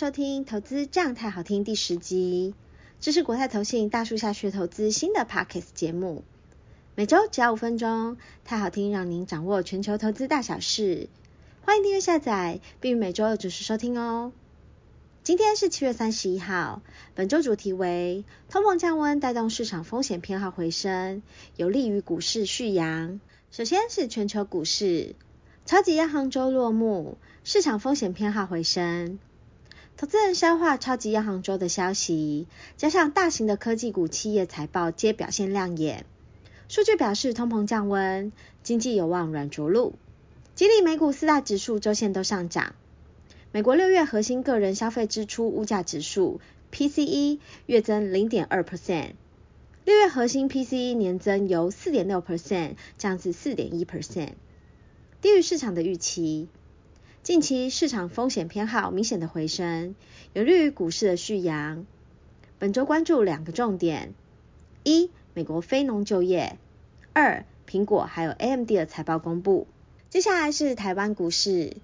收聽投資這樣太好聽第十集，這是國泰投信大樹下學投資新的 Podcast 節目，每周只要五分鐘太好聽讓您掌握全球投資大小事。歡迎訂閱下載，並每周二準時收聽哦。今天是七月三十一號，本周主題為通膨降溫帶動市場風險偏好回升，有利於股市續揚。首先是全球股市超級央行周落幕，市場風險偏好回升。投資人消化超級央行周的消息，加上大型的科技股企業財報皆表現亮眼。數據表示通膨降溫，經濟有望軟着陸。激勵美股四大指數周線都上漲。美國六月核心個人消費支出物價指數 （PCE） 月增零點二 percent，六月核心 PCE 年增由四點六 percent 降至四點一 percent，低於市場的預期。近期市場風險偏好明顯的回升，有利於股市的續揚。本週關注兩個重點：一、美國非農就業；二、蘋果還有 AMD 的財報公佈。接下來是台灣股市，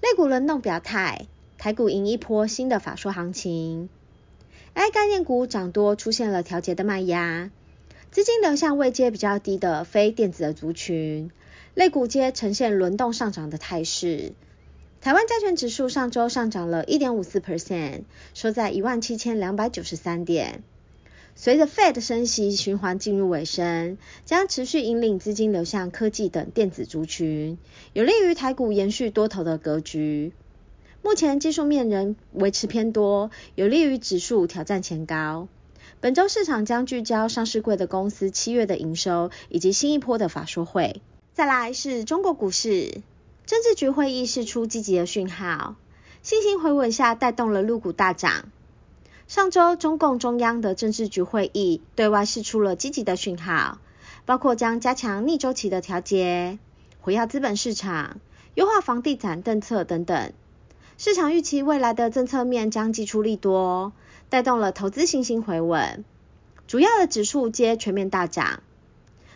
類股輪動表態，台股迎一波新的法說行情。A 概念股漲多，出現了調節的賣壓，資金流向位階比較低的非電子的族群，類股皆呈現輪動上漲的態勢。台灣加權指數上周上漲了1.54%，收在17,293點。隨着 Fed 升息循環進入尾聲，將持續引領資金流向科技等電子族群，有利於台股延續多頭的格局。目前技術面仍維持偏多，有利於指數挑戰前高。本周市場將聚焦上市櫃的公司七月的營收，以及新一波的法說會。再來是中國股市。政治局會議釋出積極的訊號，信心回穩下帶動了陸股大漲。上周中共中央的政治局會議對外釋出了積極的訊號，包括將加強逆週期的調節、活躍資本市場、優化房地產政策等等。市場預期未來的政策面將祭出利多，帶動了投資信心回穩，主要的指數皆全面大漲。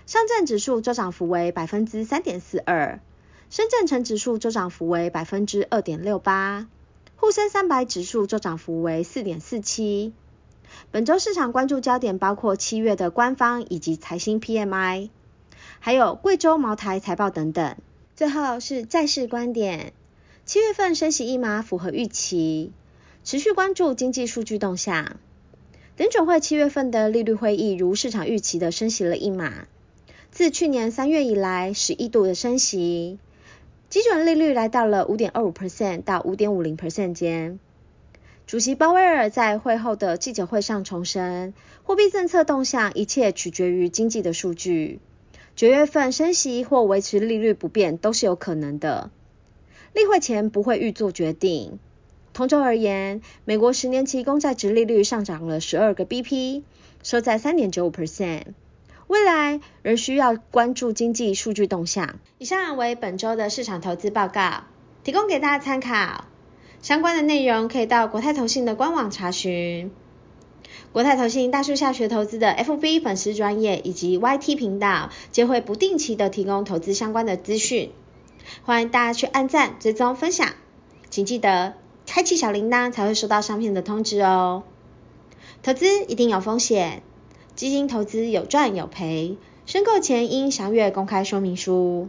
上證指數週漲幅為百分之三點四二。深圳成指數周漲幅為百分之二點六八，滬深三百指數周漲幅為四點四七。本周市場關注焦點包括七月的官方以及財新 PMI，還有貴州茅台財報等等。最後是債市觀點，七月份升息一碼符合預期，持續關注經濟數據動向。等準會七月份的利率會議如市場預期的升息了一碼，自去年三月以來十一度的升息。基準利率來到了五點二五 percent 到五點五零 percent 間。主席鮑威爾在會後的記者會上重申，貨幣政策動向一切取決於經濟的數據。九月份升息或維持利率不變都是有可能的。例會前不會預作決定。同周而言，美國十年期公債殖利率上漲了十二個 BP，收在三點九五 percent。未來仍需要關注經濟數據動向。以上為本周的市場投資報告，提供給大家參考。相關的內容可以到國泰投信的官網查詢。國泰投信大樹下學投資的 FB 粉絲專頁以及 YT 頻道，皆會不定期的提供投資相關的資訊，歡迎大家去按讚、追蹤、分享。請記得開啟小鈴鐺，才會收到商品的通知哦。投資一定有風險。基金投資有賺有賠，申購前應詳閱公開說明書。